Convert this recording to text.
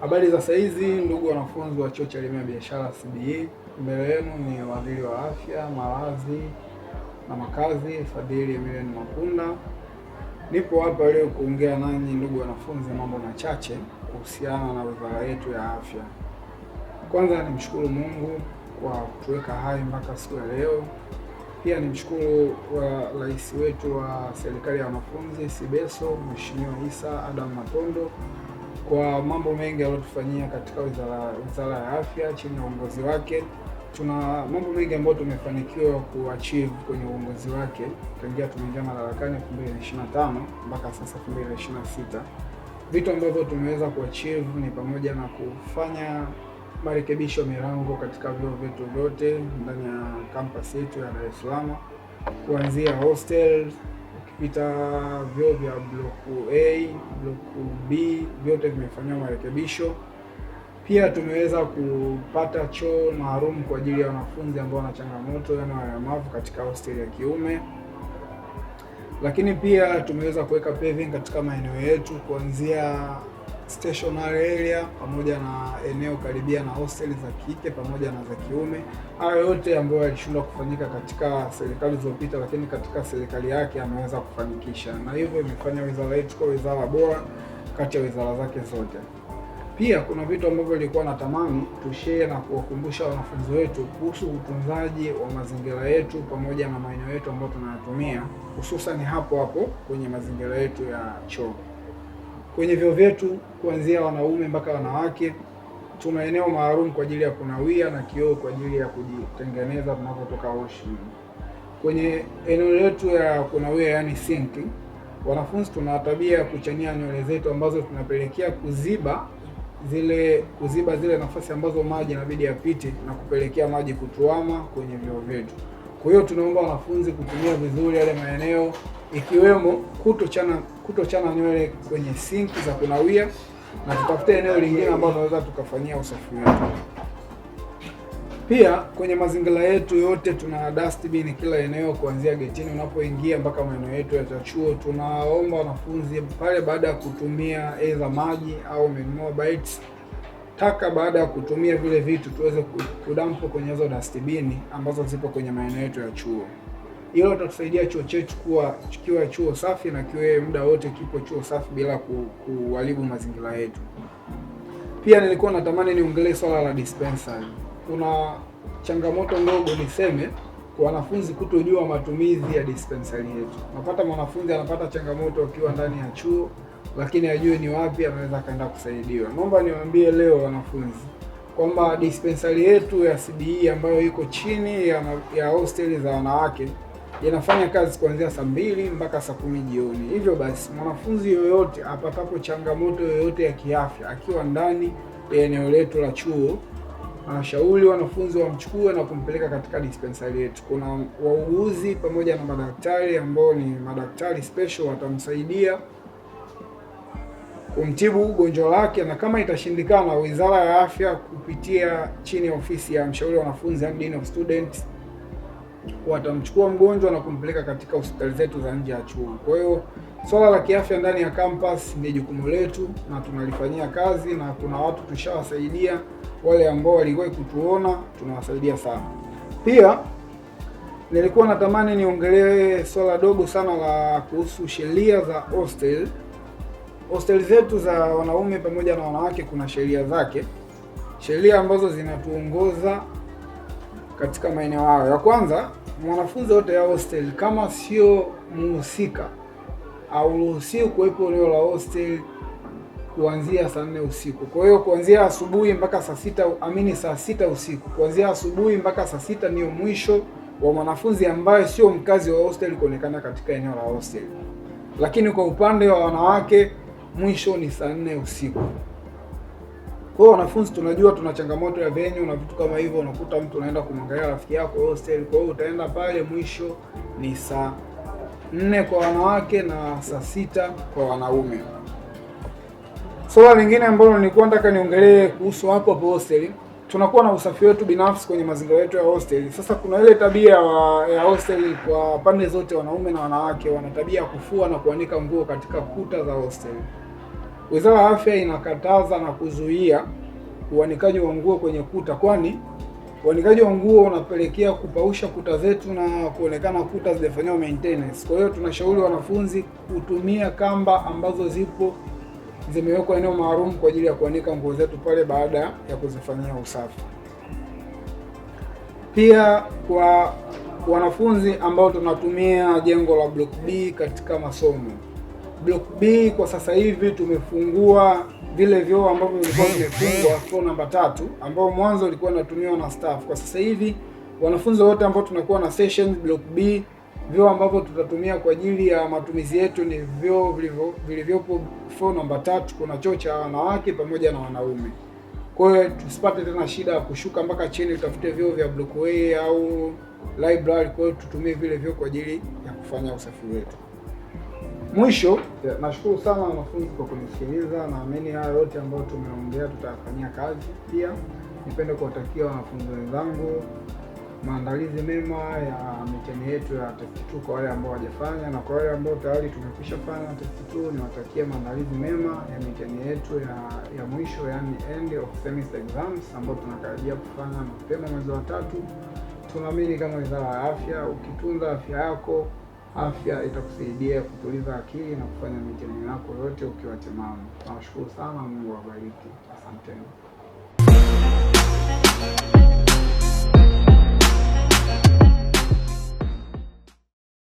Habari za saizi, ndugu wanafunzi wa chuo cha elimu ya biashara CBE, mbele yenu ni waziri wa afya, malazi na makazi Fadhili Emilian makunda Nipo hapa leo kuongea nanyi ndugu wanafunzi mambo machache kuhusiana na wizara yetu ya afya. Kwanza nimshukuru Mungu kwa kutuweka hai mpaka siku ya leo. Pia nimshukuru wa rais wetu wa serikali ya mafunzi Sibeso, Mheshimiwa Isa Adam Matondo kwa mambo mengi aliyotufanyia katika wizara, wizara ya afya chini ya uongozi wake. Tuna mambo mengi ambayo tumefanikiwa kuachieve kwenye uongozi wake tangia tumeingia madarakani 2025 mpaka sasa 2026. Vitu ambavyo tumeweza kuachieve ni pamoja na kufanya marekebisho milango katika vyuo vyetu vyote ndani ya kampasi yetu ya Dar es Salaam, kuanzia hostel ukipita vyuo vya block A, block B, vyote vimefanyiwa marekebisho. Pia tumeweza kupata choo maalum kwa ajili ya wanafunzi ambao wana changamoto yana walemavu katika hostel ya kiume, lakini pia tumeweza kuweka paving katika maeneo yetu kuanzia stationary area pamoja na eneo karibia na hosteli za kike pamoja na za kiume. Hayo yote ambayo yalishindwa kufanyika katika serikali zilizopita, lakini katika serikali yake ameweza kufanikisha, na hivyo imefanya wizara yetu kuwa wizara bora kati ya wizara zake zote. Pia kuna vitu ambavyo na natamani tushare na kuwakumbusha wanafunzi wetu kuhusu utunzaji wa mazingira yetu pamoja na maeneo yetu ambayo tunayatumia, hususan hapo hapo kwenye mazingira yetu ya choo kwenye vyo vyetu kuanzia wanaume mpaka wanawake. Tuna eneo maalum kwa ajili ya kunawia na kioo kwa ajili ya kujitengeneza tunapotoka oshi. Kwenye eneo letu ya kunawia, yani sink, wanafunzi tuna tabia ya kuchania nywele zetu ambazo tunapelekea kuziba zile kuziba zile nafasi ambazo maji inabidi yapite na kupelekea maji kutuama kwenye vyoo vyetu. Kwa hiyo tunaomba wanafunzi kutumia vizuri yale maeneo ikiwemo kutochana kutochana nywele kwenye sinki za kunawia na tutafute eneo lingine ambalo tunaweza tukafanyia usafi wetu. Pia kwenye mazingira yetu yote tuna dustbin kila eneo, kuanzia getini unapoingia mpaka maeneo yetu ya chuo. Tunaomba wanafunzi pale baada ya kutumia aidha maji au bites, taka baada ya kutumia vile vitu tuweze kudampo kwenye hizo dastibini ambazo zipo kwenye maeneo yetu ya chuo. Hilo tatusaidia chuo chetu kuwa kiwa chuo safi na kiwe muda wote kipo chuo safi bila kuharibu mazingira yetu. Pia nilikuwa natamani niongelee swala la dispensary. Kuna changamoto ndogo niseme kwa wanafunzi kutojua matumizi ya dispensary yetu. Unapata mwanafunzi anapata changamoto akiwa ndani ya chuo lakini ajue ni wapi anaweza akaenda kusaidiwa. Naomba niwaambie leo wanafunzi kwamba dispensari yetu ya CBE ambayo iko chini ya, ya hosteli za wanawake inafanya kazi kuanzia saa mbili mpaka saa kumi jioni. Hivyo basi mwanafunzi yoyote apatapo changamoto yoyote ya kiafya akiwa ndani ya eneo letu la chuo anashauri wanafunzi wamchukue na kumpeleka katika dispensari yetu. Kuna wauguzi pamoja na madaktari ambao ni madaktari special watamsaidia kumtibu ugonjwa wake na kama itashindikana, Wizara ya Afya kupitia chini ya ofisi ya mshauri wa wanafunzi and dean of students watamchukua mgonjwa na kumpeleka katika hospitali zetu za nje ya chuo. Kwa hiyo swala la kiafya ndani ya campus ni jukumu letu na tunalifanyia kazi, na kuna watu tushawasaidia. Wale ambao waliwahi kutuona tunawasaidia sana. Pia nilikuwa natamani niongelee swala dogo sana la kuhusu sheria za hostel hosteli zetu za wanaume pamoja na wanawake kuna sheria zake, sheria ambazo zinatuongoza katika maeneo hayo. Ya kwanza, mwanafunzi wote ya hostel kama sio muhusika auruhusiwi kuwepo eneo la hostel kuanzia saa nne usiku. Kwa hiyo kuanzia asubuhi mpaka saa sita amini, saa sita usiku, kuanzia asubuhi mpaka saa sita niyo mwisho wa mwanafunzi ambaye sio mkazi wa hostel kuonekana katika eneo la hostel. Lakini kwa upande wa wanawake mwisho ni saa nne usiku. Kwa wanafunzi tunajua tuna changamoto ya venue na vitu kama hivyo, unakuta mtu unaenda kumwangalia rafiki yako hostel. Oh, kwa hiyo utaenda pale, mwisho ni saa nne kwa wanawake na saa sita kwa wanaume. Swala lingine ambalo nilikuwa nataka niongelee kuhusu hapo hapo hostel, tunakuwa na usafi wetu binafsi kwenye mazingira yetu ya hostel. Sasa kuna ile tabia ya hostel kwa pande zote, wanaume na wanawake, wana tabia ya kufua na kuanika nguo katika kuta za hostel. Wizara ya Afya inakataza na kuzuia uanikaji wa nguo kwenye kuta, kwani uanikaji wa nguo unapelekea kupausha kuta zetu na kuonekana kuta zimefanyiwa maintenance. Kwa hiyo tunashauri wanafunzi kutumia kamba ambazo zipo zimewekwa eneo maalum kwa ajili ya kuanika nguo zetu pale baada ya kuzifanyia usafi. Pia kwa wanafunzi ambao tunatumia jengo la Block B katika masomo Block B kwa sasa hivi tumefungua vile vyoo ambavyo vilikuwa vimefungwa floor namba tatu, ambao mwanzo ulikuwa unatumiwa na staff. Kwa sasa hivi wanafunzi wote ambao tunakuwa na sessions Block B, vyoo ambavyo tutatumia kwa ajili ya matumizi yetu ni vyoo vilivyopo floor namba tatu. Kuna choo cha wanawake pamoja na wanaume, kwa hiyo tusipate tena shida ya kushuka mpaka chini tutafute vyoo vya Block A au library. Kwa hiyo tutumie vile vyoo kwa ajili ya kufanya usafiri wetu. Mwisho, nashukuru sana wanafunzi kwa kunisikiliza. Naamini haya yote ambayo tumeongea tutayafanyia kazi. Pia nipende kuwatakia wanafunzi wenzangu maandalizi mema ya mitihani yetu ya test 2 kwa wale ambao wajafanya na kwa wale ambao tayari tumekwisha fanya test 2 niwatakie maandalizi mema ya mitihani yetu ya, ya mwisho yani end of semester exams kufanya mapema mwezi wa tatu. Tunaamini kama wizara ya afya, ukitunza afya yako afya itakusaidia kutuliza akili na kufanya mitihani yako yote ukiwa timamu. Nawashukuru sana, Mungu awabariki, asanteni.